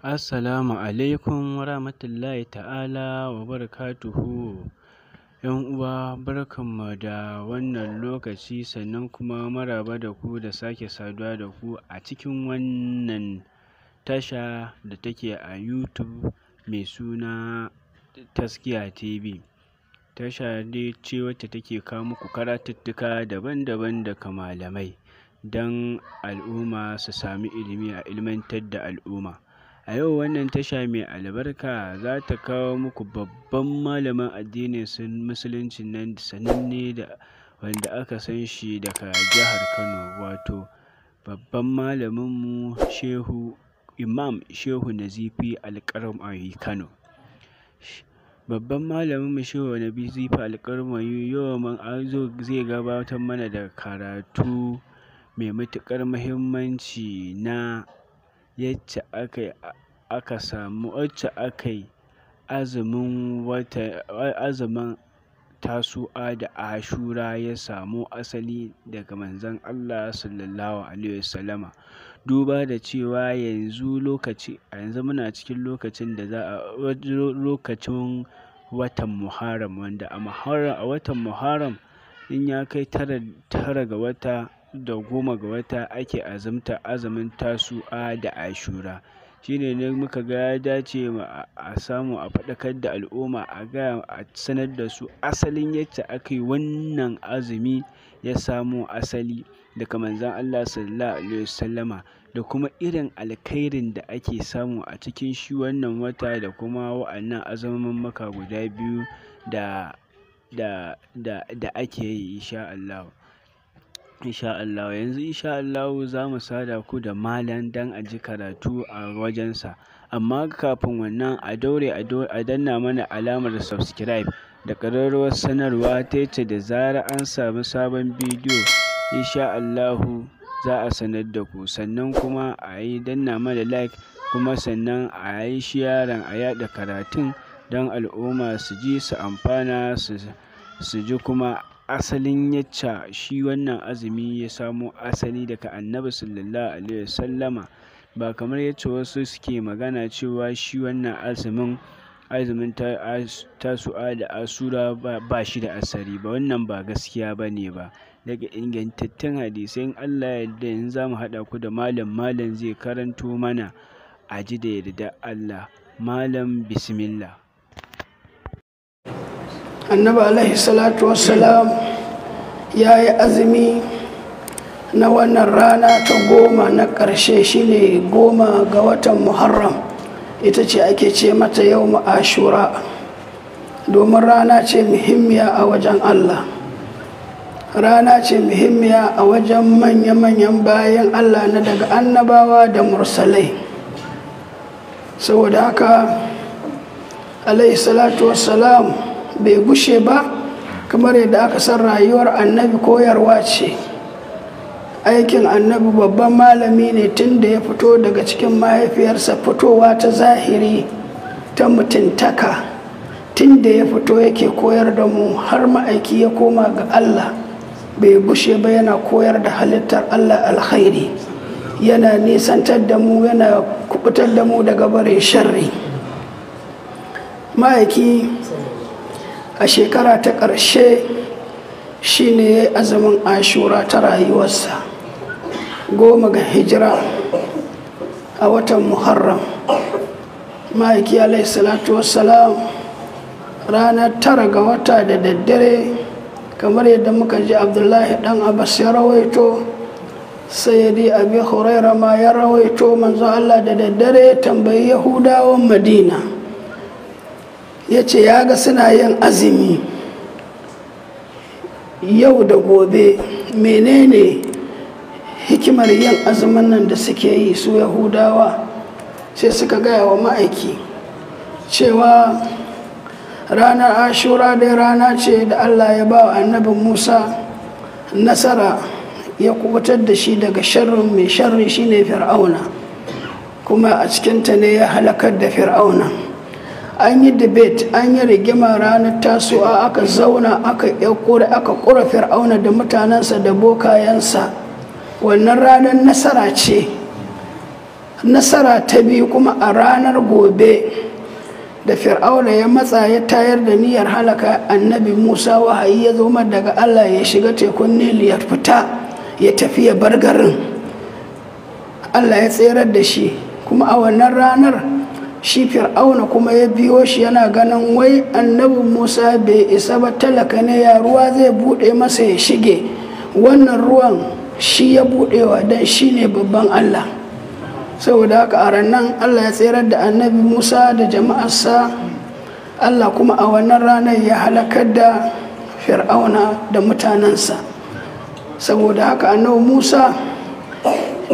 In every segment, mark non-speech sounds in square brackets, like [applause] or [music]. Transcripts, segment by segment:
Assalamu alaikum wa rahmatullahi ta'ala wa barakatuhu. ‘Yan uwa barkanmu da wannan lokaci sannan kuma maraba da ku da sake saduwa da ku a cikin wannan tasha da take a YouTube mai suna Taskiya TV. Tasha dai ce wacce take kawo muku karatuttuka daban-daban daga malamai don al'umma su sami ilimi a ilmantar da al'umma. A yau wannan tasha mai albarka za ta kawo muku babban malamin addinin Musulunci nan sananne wanda aka san shi daga jihar Kano wato babban mu Shehu Imam Shehu Nazifi Alƙarmari Kano. Babban malamin mu Shehu Nazifi Alƙarmari yau zai gabatar mana da karatu mai matuƙar muhimmanci na yacce aka aka samu yacce aka yi azumin wata azumin Tasu'a da Ashura ya samu asali daga Manzon Allah Sallallahu Alaihi Wasallama. Duba da cewa yanzu lokaci a yanzu muna cikin lokacin da za a lokacin watan Muharram wanda a Muharram a watan Muharram in ya kai tara tara ga wata da goma ga wata ake azumta azumin Tasu'a da Ashura. Shi ne muka ga ya dace a samu a faɗakar da al'umma a gaya a sanar da su asalin yadda aka yi wannan azumi ya samu asali daga manzon Allah sallallahu alaihi wasallama da kuma irin alkhairin da ake samu a cikin shi wannan wata da kuma wa'annan maka guda biyu da ake yi insha Allah. Insha Allah yanzu insha Allahu za mu sada ku da malam dan a ji karatu a wajensa. Amma kafin wannan a daure a danna mana alamar subscribe da ƙararrawar sanarwa ta ce da zarar an samu sabon bidiyo insha Allah za a sanar da ku sannan kuma a yi danna mana like kuma sannan a yi sharing a yada karatun dan al'umma su ji su amfana su ji kuma asalin yacca shi wannan azumi ya samo asali daga annabi sallallahu alaihi wasallama ba kamar yacce wasu suke magana cewa shi wannan azumin azumin tasu'a da asura ba shi da asali ba wannan ba gaskiya ba ne ba daga ingantattun hadisai in allah yarda in za mu haɗa ku da malam malam zai karanto mana a ji da yarda allah malam bismillah Annaba alaihi salatu wassalam ya yi azumi na wannan rana ta goma na ƙarshe shine goma ga watan muharram ita ce ake ce mata yau ashura domin rana ce muhimmiya a wajen allah rana ce muhimmiya a wajen manya-manyan bayan allah na daga annabawa da mursalai saboda haka alaihi salatu wassalam bai gushe ba kamar yadda aka san rayuwar annabi koyarwa ce aikin annabi babban malami ne tun da ya fito daga cikin mahaifiyarsa fitowa ta zahiri ta mutuntaka tun da ya fito yake koyar da mu har ma'aiki ya koma ga allah bai gushe ba yana koyar da halittar allah alkhairi yana nisantar da mu yana kubutar da mu daga bare sharri ma'aiki a shekara ta ƙarshe shine ne azumin ashura ta rayuwarsa goma ga hijira a watan muharram ma'aiki alai salatu wassalam ranar tara ga wata da daddare kamar yadda muka ji abdullahi dan abbas ya rawaito sayyidi abi huraira ma ya rawaito manzo allah da daddare tambayi yahudawan madina ya ce ya ga suna yin azumi yau da gobe menene hikimar yin azumin nan da suke yi su yahudawa sai suka gaya wa ma'aiki cewa ranar ashura dai rana ce da allah ya ba wa annabin musa nasara ya kubutar da shi daga sharrin mai sharri shine fir'auna kuma a cikinta ne ya halakar da fir'auna an yi debate an yi rigima ranar tasowa aka zauna aka ƙura aka kura fir'auna da mutanensa da bokayensa wannan ranar nasara ce nasara ta biyu kuma a ranar gobe da fir'auna ya matsa ya tayar da niyyar halaka annabi musa wahayi ya zo daga allah ya shiga tekun nil ya fita ya tafi ya bar garin allah ya tserar da shi kuma a wannan ranar shi fir'auna kuma ya biyo shi yana ganin wai annabin musa bai isa ba talaka ne ya ruwa zai buɗe masa ya shige wannan ruwan shi ya buɗewa don shi ne babban allah saboda haka a ranar allah ya tserar da annabi musa da jama'arsa allah kuma a wannan ranar ya halakar da fir'auna da mutanensa saboda haka annabi musa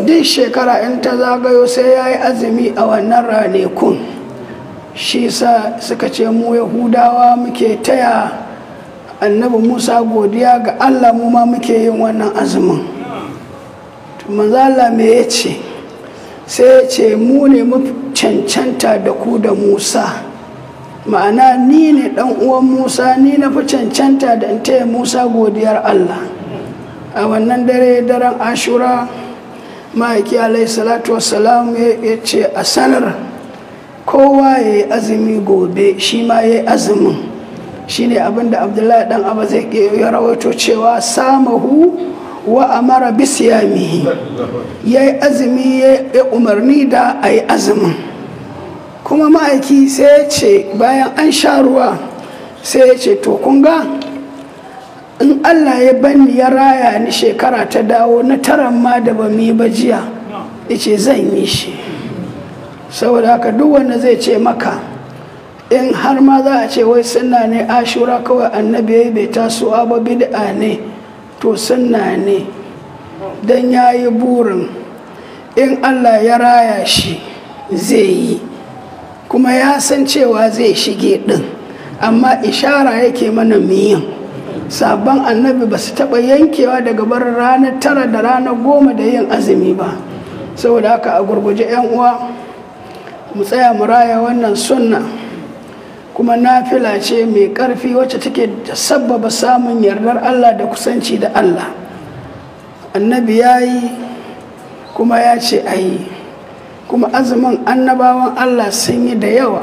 duk shekara in ta zagayo sai ya yi azumi a wannan ranakun shi sa suka ce mu yahudawa muke taya annabi musa godiya ga allah mu ma muke yin wannan azumin manzala me ya ce sai ya ce mu ne mu cancanta da ku da musa ma'ana ni ne dan uwan musa ni na fi cancanta da in taya musa godiyar allah a wannan dare daren ashura ma'aiki alai salatu wasalam ya ce a sanar kowa ya yi azumi gobe shi ma ya yi azumin shi ne abinda abdullahi dan abu zai ya rawaito cewa samahu wa amara bisiyamihi ya yi azumi ya yi umarni da a yi azumin kuma ma'aiki sai ya ce bayan an sha ruwa sai ya ce to kun ga in allah ya banni ya raya ni shekara ta dawo na taran ma da ba mu yi ba jiya ce zan yi shi saboda haka duk wanda zai ce maka in har ma za a ce wai sunna ne ashura kawai annabi ya yi bai taso ba bid'a ne to sunna ne don ya yi burin in allah ya raya shi zai yi kuma ya san cewa zai shige din amma ishara yake mana miyan sabon annabi ba su taɓa yankewa daga bar ranar tara da ranar goma da yin azumi ba saboda haka a gurguje 'yan uwa mu tsaya mu raya wannan sunna kuma nafila ce mai ƙarfi wacce take sabbaba samun yardar allah da kusanci da allah annabi ya yi kuma ya ce a yi kuma azumin annabawan allah sun yi da yawa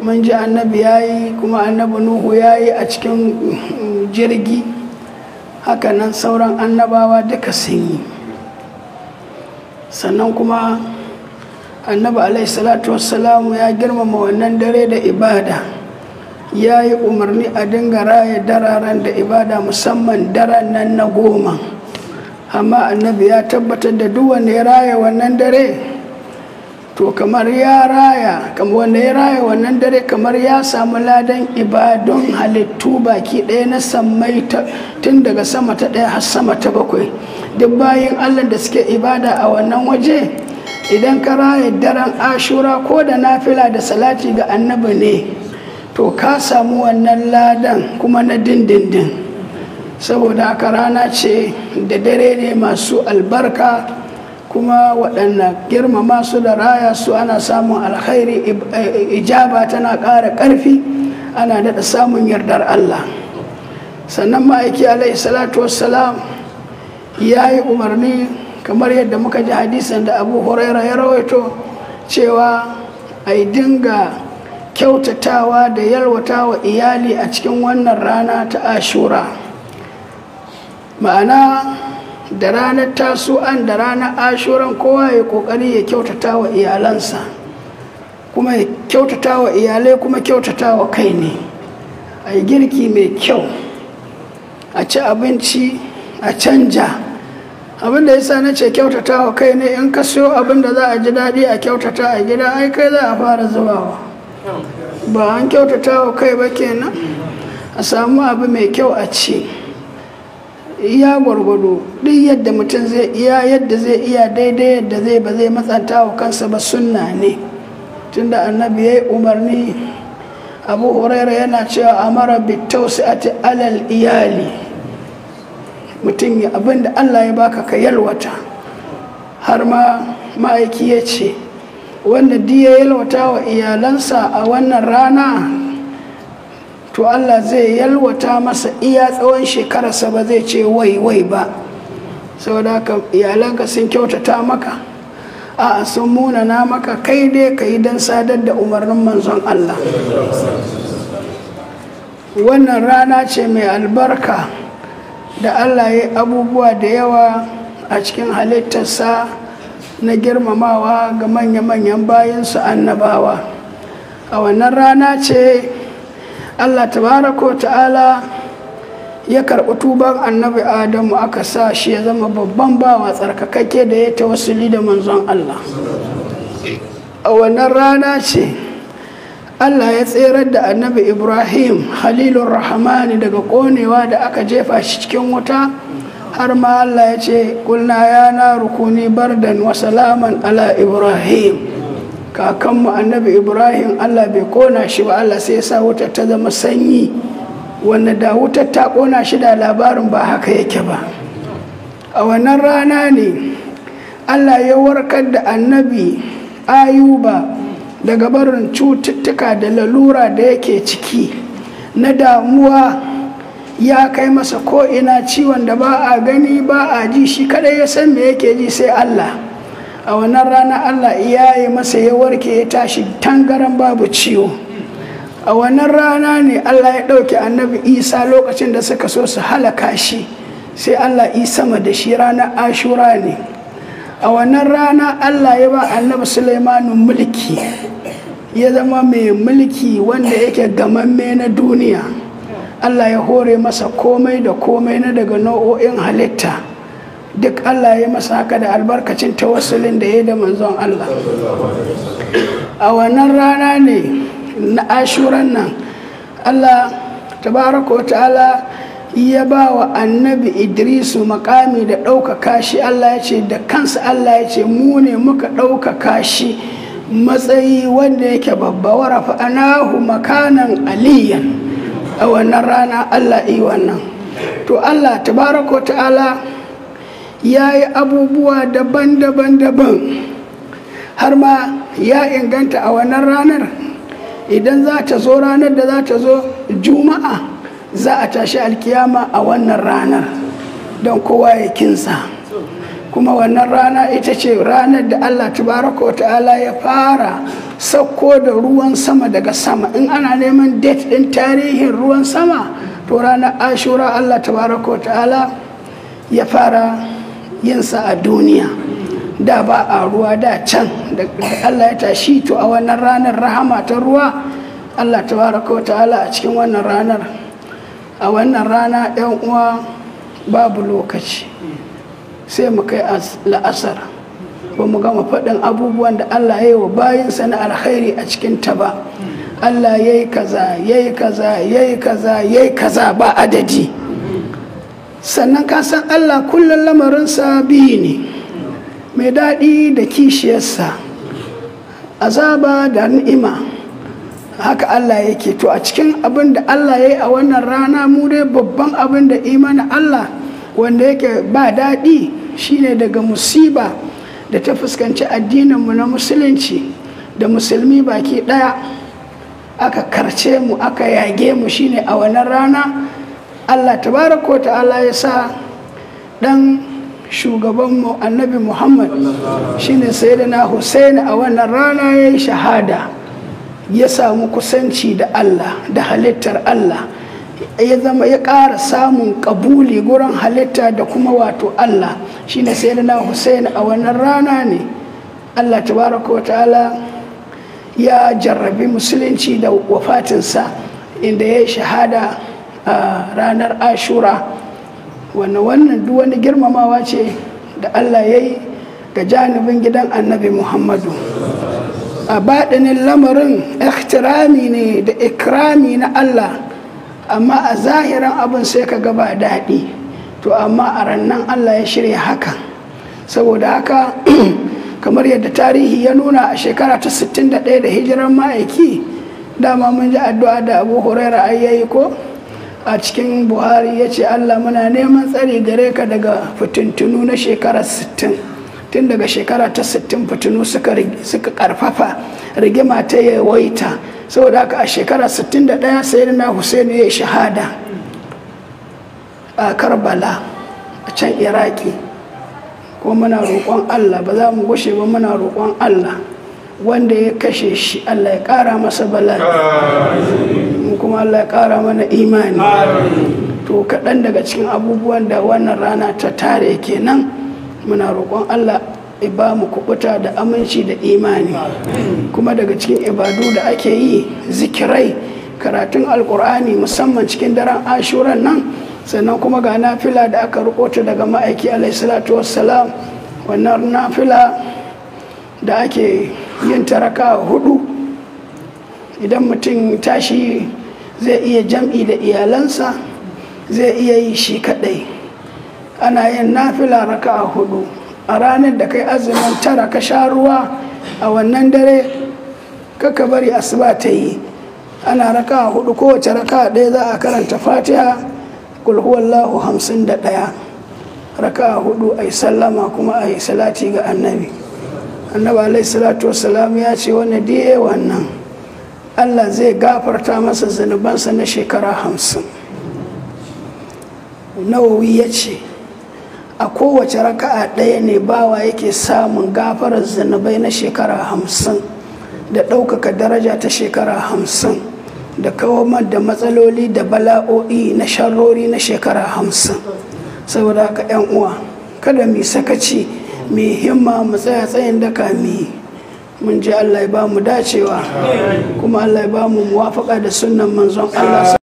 mun ji annabi ya yi kuma annabi nuhu ya yi a cikin mm, jirgi hakanan sauran annabawa duka sun yi sannan kuma annabi salatu wassalamu ya girmama wannan dare da ibada ya yi umarni a dinga raya dararen da ibada musamman daren nan na goma amma annabi ya tabbatar da duk wanda ya raya wannan dare to kamar ya raya kamar wanda ya raya wannan dare kamar ya samu ladan ibadun halittu baki ɗaya na sammai tun daga sama ta ɗaya har sama ta bakwai duk bayan allah da suke ibada a wannan waje idan ka raya daren ashura ko da nafila da salati ga annabi ne to ka samu wannan ladan kuma na dindindin saboda haka rana ce da dare ne masu albarka kuma waɗannan girmama su da raya su ana samun alkhairi eh, eh, ijaba tana ƙara ƙarfi ana daɗa samun yardar Allah sannan ma'aiki alaihi salatu wassalam ya yi umarni kamar yadda muka ji hadisan da abu huraira ya rawaito cewa a dinga kyautatawa da yalwata wa iyali a cikin wannan rana ta ashura ma'ana da ranar tasu'an da ranar ashuran kowa ya kokari ya kyautata wa iyalansa kuma ya kyautata wa iyalai kuma kyautata wa kai ne a yi girki mai kyau a ci abinci a canja abin da yasa na ce kyautata wa kai ne in ka siyo abin da za a ji daɗi a kyautata a gida ai kai za a fara zubawa ba an kyautata wa kai ba kenan a samu abu mai kyau a ci Ya gwargwado duk yadda mutum zai iya yadda zai iya daidai yadda zai ba zai matsanta wa kansa ba sunna ne tunda annabi ya yi umarni abu huraira yana cewa mara amara ati alal iyali mutum ya abinda Allah ya baka ka yalwata har ma ma'aiki ya ce wanda diya yalwata wa iyalansa a wannan rana to Allah zai yalwata masa iya tsawon shekararsa ba zai ce wai wai ba saboda haka ka sun kyautata maka a sun munana maka kai dai ka yi don sadar da umarnin manzon Allah wannan rana ce mai albarka da Allah ya abubuwa da yawa a cikin halittarsa na girmamawa ga manya-manyan bayansu annabawa a wannan rana ce allah tabaraka ta'ala ya karɓi tuban annabi adamu aka sa shi ya zama babban bawa tsarkakakke da ya tawassuli da manzon allah a wannan rana ce allah ya tserar da annabi ibrahim halilun rahmani daga konewa da aka jefa shi cikin wuta har ma allah ya ce kulna ya na rukuni bardan wa salaman ala ibrahim kakanmu annabi ibrahim allah bai kona shi ba allah sai ya sa wuta ta zama sanyi wanda da wutar ta kona shi da labarin ba haka yake ba a wannan rana ne allah ya warkar da annabi ayuba daga barin cututtuka da lalura da yake ciki na damuwa ya kai masa ko'ina ciwon da ba a gani ba a ji shi kada ya san me yake ji sai Allah a wannan rana allah ya yi masa ya warke ya tashi tangaran babu ciwo a wannan rana ne allah ya ɗauki annabi isa lokacin da suka so su halaka shi sai allah isa sama da shi ranar ashura ne a wannan rana allah ya ba annabi sulaimanu mulki ya zama mai mulki wanda yake gamamme na duniya allah ya hore masa komai da komai na daga nau'o'in halitta duk Allah ya masa haka da albarkacin tawassulin da ya da manzon Allah a wannan rana ne na ashuran nan Allah tabaraka wa ta'ala ya ba wa annabi idrisu makami da ɗaukaka shi Allah ya ce da kansa Allah ya ce mu ne muka ɗaukaka shi matsayi wanda yake babba wa rafa'anahu makanan aliyan a wannan rana Allah yi wannan to Allah tabaraka wa ta'ala ya yi abubuwa daban-daban daban har ma ya inganta a wannan ranar idan za ta zo ranar da za ta zo juma'a za a tashi alkiyama a wannan ranar don kowa ya kinsa kuma wannan rana ita ce ranar da allah tabaraka wa ta'ala ya fara sauko da ruwan sama daga sama in ana neman date ɗin tarihin ruwan sama to ranar ashura allah tabaraka wa ta'ala ya fara yin sa a duniya da ba a ruwa da can da Allah ya tashi to a wannan ranar rahama ta ruwa Allah tabaraka wa ta'ala a cikin wannan ranar a wannan rana 'yan uwa babu lokaci sai mu kai la'asar ba mu gama faɗin abubuwan da Allah ya yi wa bayansa na alkhairi a cikin ta ba Allah ya yi kaza ya yi kaza ya yi kaza ya yi kaza ba adadi sannan ka san allah kullum lamarinsa biyu ne mai daɗi da kishiyarsa azaba da ni'ima haka allah yake to a cikin abin da allah ya yi a wannan rana mu dai babban abin da imanin allah wanda yake ba daɗi shine daga musiba da ta fuskanci addininmu na musulunci da musulmi baki ɗaya aka karce mu aka yage mu shine a wannan rana allah tabaraka ta'ala ya sa ɗan shugabanmu annabi muhammad shine sayyidina husaini a wannan rana ya yi shahada ya samu kusanci da allah da halittar allah ya zama ya ƙara samun ƙabuli gurin halitta da kuma wato allah shine sayyidina husaini a wannan rana ne allah tabaraka wa ta'ala ya jarrabi musulunci da wafatinsa inda ya yi shahada a ranar ashura wannan wannan duk wani girmamawa ce da allah ya yi ga janibin gidan annabi muhammadu a baɗinin lamarin ikhtirami ne da ikrami na allah amma a zahiran abin sai ka gaba daɗi to amma a rannan allah ya shirya haka saboda haka [clears throat] kamar yadda tarihi ya nuna a shekara ta 61 da hijiran ma'aiki dama mun ji addu'a da abu huraira ayyayi yayi ko a cikin buhari ya ce allah muna neman tsari gare ka daga fitintunu na shekara 60 tun daga shekara ta 60 fitinu suka karfafa rigima ta yawaita saboda haka a shekara 61 sai na husaini ya shahada a karbala a can iraki ko muna roƙon allah ba za mu gushe ba muna roƙon allah wanda ya kashe shi allah ya ƙara masa bala'i kuma Allah ya ƙara mana imani to kaɗan daga cikin abubuwan da wannan rana ta tare kenan muna roƙon Allah ba mu kubuta da aminci da imani kuma daga cikin ibadu da ake yi zikirai karatun alkur'ani musamman cikin daren ashuran nan sannan kuma ga nafila da aka rubuta daga ma'aiki alaihissalatu wassalam wannan nafila da ake yin taraka hudu idan mutum tashi zai iya jam'i da iyalansa zai iya yi shi kadai ana yin nafila raka a hudu a ranar da kai azumin tara ka sha ruwa a wannan dare kaka bari asuba ta yi ana raka a hudu kowace raka ɗaya za a karanta fatiha kulhuwallahu hamsin da ɗaya raka a hudu a yi sallama kuma a yi salati ga annabi annabi alaihi salatu wasalam ya ce wani diye wannan Allah zai gafarta masa zunubansa na shekara hamsin nawawi ya ce a kowace raka'a ɗaya ne bawa yake samun gafarar zunubai na shekara hamsin da ɗaukaka daraja ta shekara hamsin da kawamar da matsaloli da bala'o'i na sharrori na shekara hamsin saboda haka 'yan uwa kada mu sakaci mai himma mu tsaya tsayin daka mu mun ji Allah ya ba mu dacewa kuma Allah ya ba mu muwafaka da sunnan manzon Allah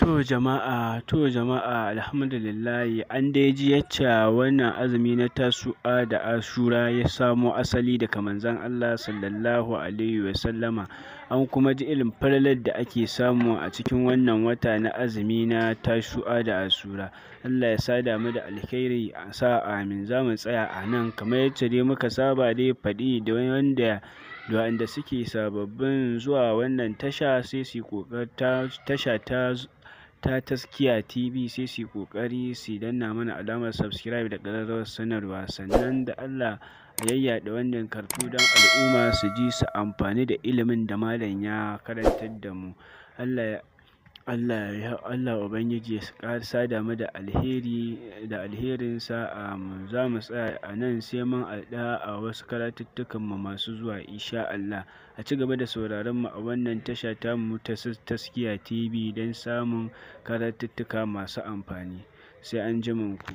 To jama'a, to jama'a alhamdulillahi an dai ji yacca wannan azumi na tasu'a da ashura ya samo asali daga manzon Allah sallallahu alaihi wa sallama an kuma ji ilim falalar da ake samu a cikin wannan wata na azumi na tasu'a da ashura Allah ya sada mu da alkhairi a sa amin za mu tsaya a nan kamar yacce dai muka saba dai faɗi da wanda da suke sababbin zuwa wannan tasha sai su tasha ta ta Taskiya TV sai su kokari su danna mana alamar subscribe da ƙararrawar sanarwa sannan da Allah yayyaɗa wannan karfi don al'umma su ji su amfani da ilimin da malam ya karantar da mu Allah ya Allah ya Allah Ubangiji ya sada mu da alheri da alherinsa amin za mu tsaya a nan sai mun alɗa a wasu karatuttukan mu masu zuwa insha Allah a ci gaba da sauraron mu a wannan tasha ta mu ta taskiya TV don samun karatuttuka masu amfani sai an ji ku